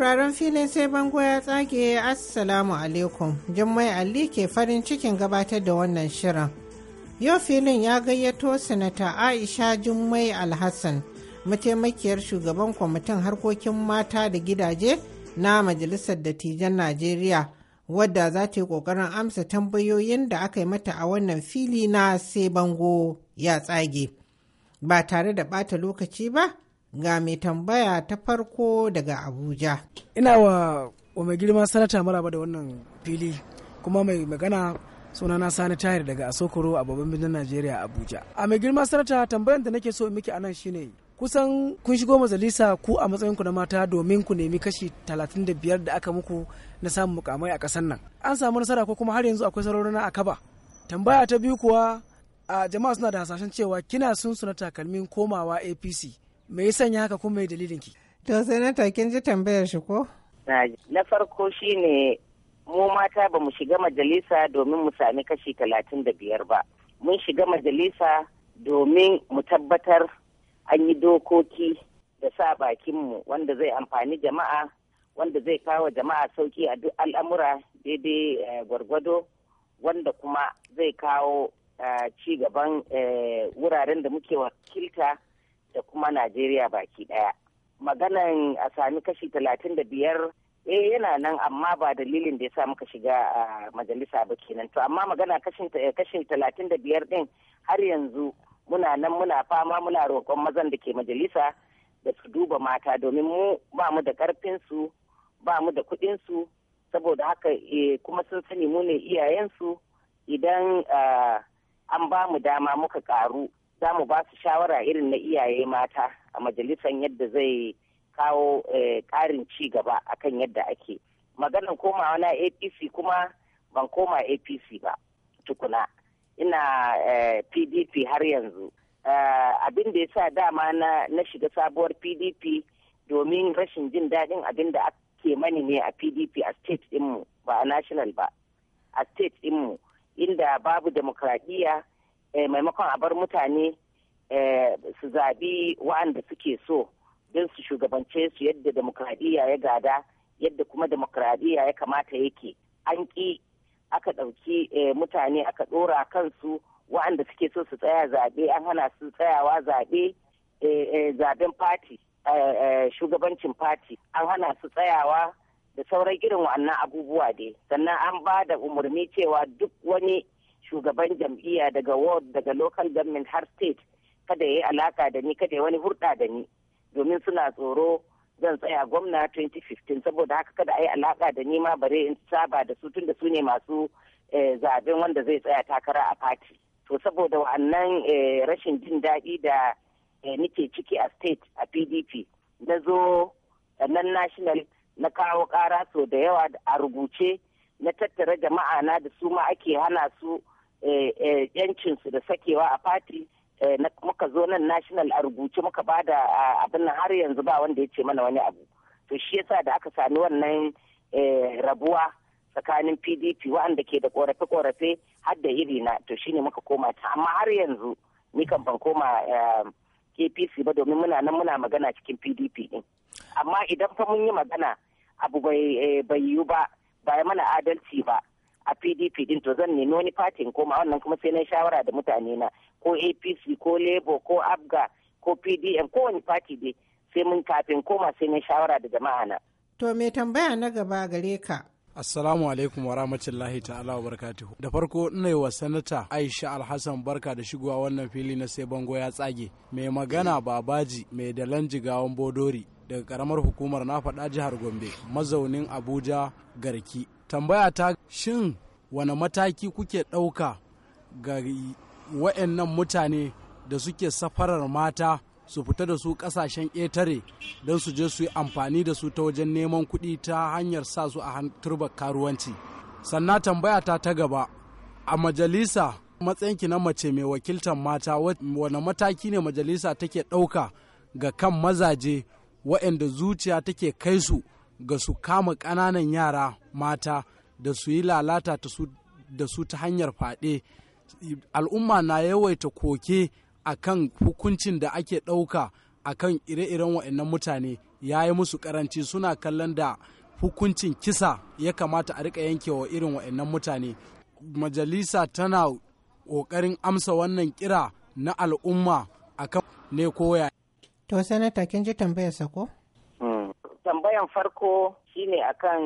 sauraron filin sai bango ya tsage assalamu alaikum jummai ali ke farin cikin gabatar da wannan shirin yau filin ya gayyato sanata aisha jummai alhassan mataimakiyar shugaban kwamitin harkokin mata da gidaje na majalisar dattijan najeriya wadda za ta yi kokarin amsa tambayoyin da aka yi mata a wannan fili na sai bango ya tsage ba tare da ɓata lokaci ba ga mai tambaya ta farko daga abuja ina wa wa mai girma sanata maraba da wannan fili kuma mai magana suna na sani tahir daga asokoro a babban birnin najeriya abuja a mai girma sanata tambayar da nake so in miki anan shine kusan kun shigo majalisa ku a matsayin ku na mata domin ku nemi kashi 35 da aka muku na samun mukamai a kasar nan an samu nasara ko kuma har yanzu akwai sarori na akaba tambaya ta biyu kuwa a jama'a suna da hasashen cewa kina sun suna takalmin komawa apc me ya sanya haka kuma dalilin ki to sanata kin ji tambayar shi ko na farko shine mu mata ba mu shiga majalisa domin mu sami kashi talatin da biyar ba mun shiga majalisa domin mu tabbatar an yi dokoki da sa bakinmu wanda zai amfani jama'a wanda zai kawo jama'a sauki a duk al'amura daidai eh, gwargwado wanda kuma zai kawo eh, ci gaban eh, wuraren da muke wakilta da kuma Najeriya baki ɗaya. Maganan a sami kashi talatin da biyar eh yana nan amma ba dalilin da ya sa muka shiga a majalisa ba kenan to amma magana eh, kashi talatin da biyar ɗin har yanzu muna nan muna fama muna roƙon mazan da ke majalisa da su duba mata domin mu ba mu da ƙarfin su ba mu da kuɗin su saboda haka eh, kuma sun sani mu ne iyayensu idan an ba mu dama muka ƙaru za mu ba su shawara irin na iyaye mata a majalisan yadda zai kawo eh, ƙarin ci gaba akan yadda ake maganin komawa na apc kuma ban koma apc ba tukuna ina pdp eh, har yanzu eh, abin da ya sa dama na shiga sabuwar pdp domin rashin jin daɗin abin da ake mani ne a pdp a state ɗinmu ba a national ba a state ɗinmu inda babu demokradiyya Eh, maimakon a bar mutane eh, su zabi wa'anda suke so don su shugabance su yadda demokradiyya ya gada yadda kuma demokradiyya ya kamata yake an ki aka ɗauki eh, mutane aka ɗora kansu wa'anda suke so su tsaya zaɓe an hana su tsayawa eh, zaben fati shugabancin fati an hana su tsayawa da sauran irin wa'annan abubuwa dai sannan an ba da umarni cewa duk wani shugaban jam'iyya daga ward daga local government har state kada ya yi alaka da ni kada ya wani hurɗa da ni domin suna tsoro zan tsaya gwamna 2015 saboda haka kada a yi alaka da ni ma bare in saba da su tun da su ne masu eh, zaben wanda zai tsaya takara a fati to saboda wa'annan eh, rashin jin daɗi da eh, nike ciki a state a pdp na zo nan national na kawo ƙara so da yawa a rubuce na tattara jama'a na da su ma ake hana su eh, eh, su da sakewa a fati eh, muka zo nan national a rubuce muka ba da abin nan har yanzu ba wanda ya ce mana wani abu to shi yasa da aka sami wannan rabuwa tsakanin pdp waɗanda ke da korafe-korafe har da na to shine muka koma ta amma har yanzu ni kan ban koma apc ba domin muna nan muna magana cikin pdp din amma idan fa mun yi magana abu bai yiwu ba ba ya mana adalci ba a pdp din to zan nemi wani fatin koma wannan kuma sai na shawara da mutane na ko apc ko labour ko abga ko pdm ko wani fati dai sai mun kafin koma sai na shawara da jama'a na. to me tambaya na gaba gare ka. Assalamu alaikum wa rahmatullahi ta'ala wa barakatuhu. Da farko ina wa sanata Aisha Alhassan barka da shigowa wannan fili na sai bango ya tsage. Mai magana babaji mai dalan jigawan bodori. daga karamar hukumar na faɗa jihar gombe mazaunin abuja garki tambaya ta shin wane mataki kuke ɗauka ga wa'annan mutane da suke safarar mata su fita da su ƙasashen ƙetare don su je su yi amfani da su ta wajen neman kuɗi ta hanyar sa su a turbar karuwanci sannan tambaya ta ta gaba a majalisa matsayinki na mace mai wakiltar mata wane mataki ne majalisa take ɗauka ga kan mazaje waɗanda zuciya take kai su ga su kama ƙananan yara mata da su yi lalata da su ta hanyar faɗe al'umma na yawaita koke a kan hukuncin da ake ɗauka a kan ire-iren wa'annan mutane ya yi musu karanci suna kallon da hukuncin kisa ya kamata a rika yankewa irin waɗannan mutane majalisa tana ƙoƙarin amsa wannan kira na al'umma akan ne koya To sanata kin ji tambayar sa ko? Hmm. Tambayan farko shine akan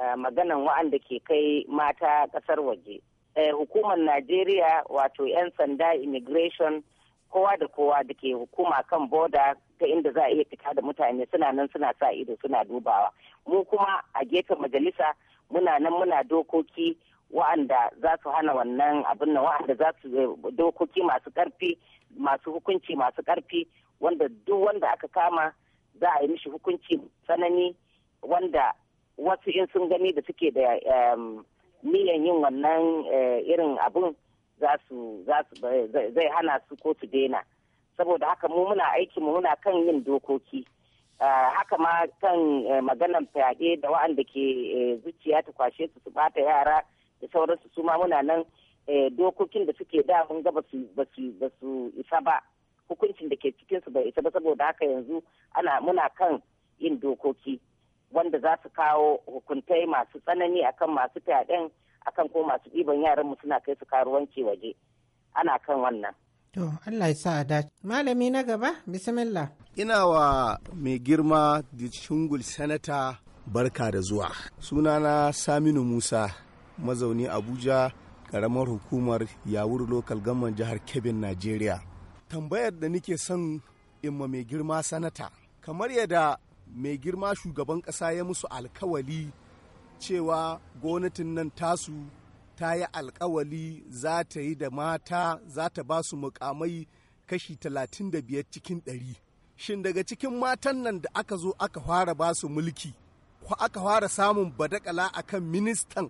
eh, maganan wa'anda ke kai mata ƙasar waje. Eh, hukumar Najeriya wato 'yan sanda immigration kowa da kowa da ke hukuma kan boda ta inda za a iya fita da mutane suna nan suna sa ido suna dubawa mu kuma a gefen majalisa muna nan muna dokoki wa'anda za su hana wannan abin nan wa'anda za su eh, dokoki masu karfi masu hukunci masu karfi wanda duk wanda aka kama za a yi mishi hukunci tsanani wanda wasu in sun gani da suke da niyan yin wannan eh, irin abun zai hana su ko su daina saboda haka mu muna aiki mu muna kan yin dokoki ah, haka ma kan eh, maganan fyaɗe da wa'anda ke eh, zuciya ta kwashe su su bata yara da sauransu su ma muna nan dokokin da suke da mun ga ba su isa ba hukuncin da ke cikin su bai isa ba saboda haka yanzu ana muna kan yin dokoki wanda za su kawo hukuntai masu tsanani akan masu fyaɗen akan ko masu ɗiban yaran mu suna kai su karuwanci waje ana kan wannan To Allah ya sa a dace. Malami na gaba, bismillah. Ina wa mai girma da shingul Sanata barka da zuwa. Sunana Saminu Musa, mazauni Abuja, karamar hukumar Yawur Local Gamman jihar Kebbi, Najeriya. tambayar da nike son ma mai girma sanata kamar yadda mai girma shugaban ƙasa ya musu alkawali cewa gwamnatin nan tasu ta yi alkawali za ta yi da mata za ta ba su mukamai kashi 35 cikin 100 shin daga cikin matan nan da aka zo aka fara ba su mulki ko aka fara samun badakala akan ministan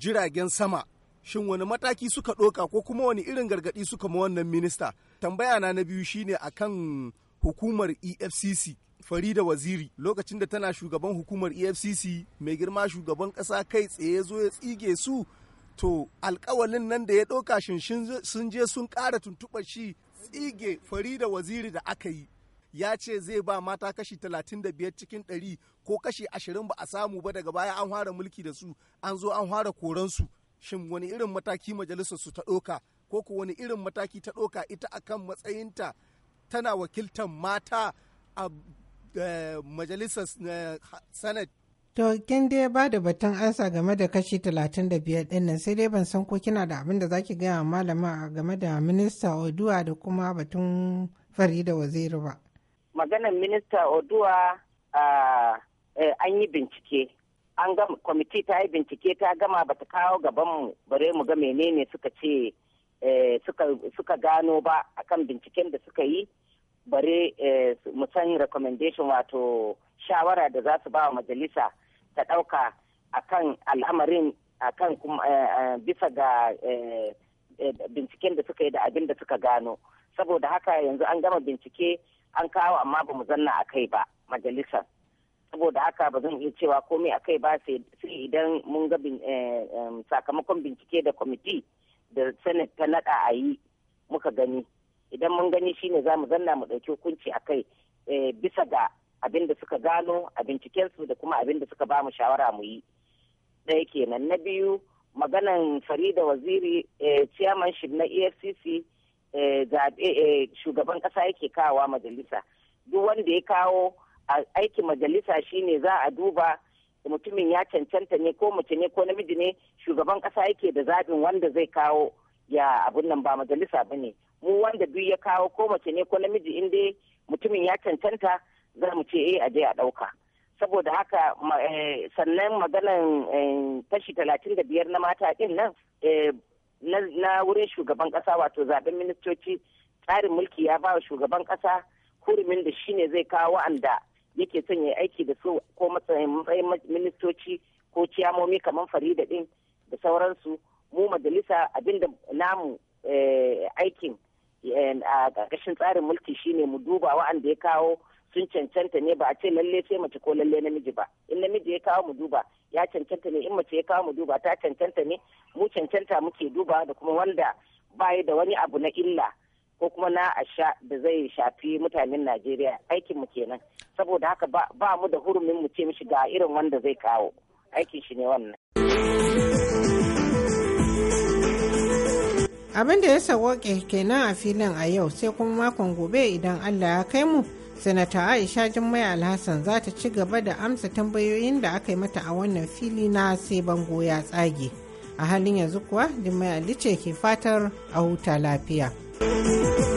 jiragen sama shin wani mataki suka ɗoka ko kuma wani irin gargadi suka ma wannan minista tambaya na na biyu shine a kan hukumar efcc farida waziri lokacin da tana shugaban hukumar efcc mai girma shugaban kasa kai tsaye zo ya tsige su to alkawalin nan da ya ɗauka shinshin sun je sun ƙara tuntuɓar shi tsige farida waziri da aka yi ya ce zai ba mata kashi 35 cikin 100 ko kashi 20 ba a samu ba daga baya an fara mulki da su an zo an fara koransu shin wani irin mataki majalisar su ta ɗauka ko ku wani irin mataki ta ɗoka ita a akan matsayinta tana wakiltar mata a eh, majalisar eh, senate to kin dai ba da batun ansa game da kashi 35 din nan sai dai ban san ko kina da abin da zaki gaya malama game da minista oduwa da kuma batun farida waziri ba maganar minista oduwa eh, an yi bincike an gama kwamiti ta yi bincike ta gama bata kawo gaban mu bare mu ga menene suka ce Eh, suka gano ba akan binciken da suka yi bare eh, musan recommendation wato shawara da za su ba wa majalisa ta ɗauka akan al'amarin akan eh, bisa ga binciken da suka yi da abin da suka gano saboda haka yanzu an gama bincike an kawo amma ba mu zanna a kai ba majalisa saboda haka ba zan iya cewa komai a kai ba sai idan mun ga sakamakon bincike da kwamiti da senate ta naɗa a yi muka gani idan mun gani shine za mu zanna mu ɗauki hukunci a kai eh, bisa ga abin da suka gano a bincikensu da kuma abin da suka ba mu shawara mu yi ɗaya kenan na biyu maganan farida waziri eh, chairman shi na efcc eh, shugaban ƙasa yake kawo majalisa duk wanda ya kawo aikin majalisa shine za a duba mutumin ya cancanta ne ko mace ne ko namiji ne shugaban kasa yake da zaɓin wanda zai kawo ya abun nan ba majalisa ba ne mu wanda duk ya kawo ko mace ne ko namiji in dai mutumin ya cancanta za mu ce eh a je a ɗauka saboda haka eh, sannan maganan tashi eh, talatin da biyar na mata ɗin nan eh, na wurin shugaban ƙasa wato zaɓen ministoci tsarin mulki ya ba wa shugaban ƙasa hurumin da shine zai kawo wa'anda yake son ya aiki da su ko matsayin ministoci ko ciyamomi kamar farida din da sauransu mu majalisa abinda namu eh, aikin eh, a ƙarƙashin tsarin mulki shine mu duba wa'anda ya kawo sun cancanta ne ba a ce lalle sai mace ko lalle namiji ba in namiji ya kawo mu duba ya cancanta ne in mace ya kawo mu duba ta cancanta ne mu cancanta muke duba da kuma wanda baya da wani abu na illa ko kuma na asha da zai shafi mutanen Najeriya aikinmu kenan saboda haka ba mu da hurumin mu ce mishi ga irin wanda zai kawo aikin shi ne wannan. Abin da ya sawoke kenan a filin a yau sai kuma makon gobe idan Allah ya kai mu Sanata Aisha Jummai Alhassan za ta ci gaba da amsa tambayoyin da aka yi mata a wannan fili na sai bango ya tsage. A halin yanzu kuwa Jummai Ali ce ke fatar a huta lafiya. Thank you.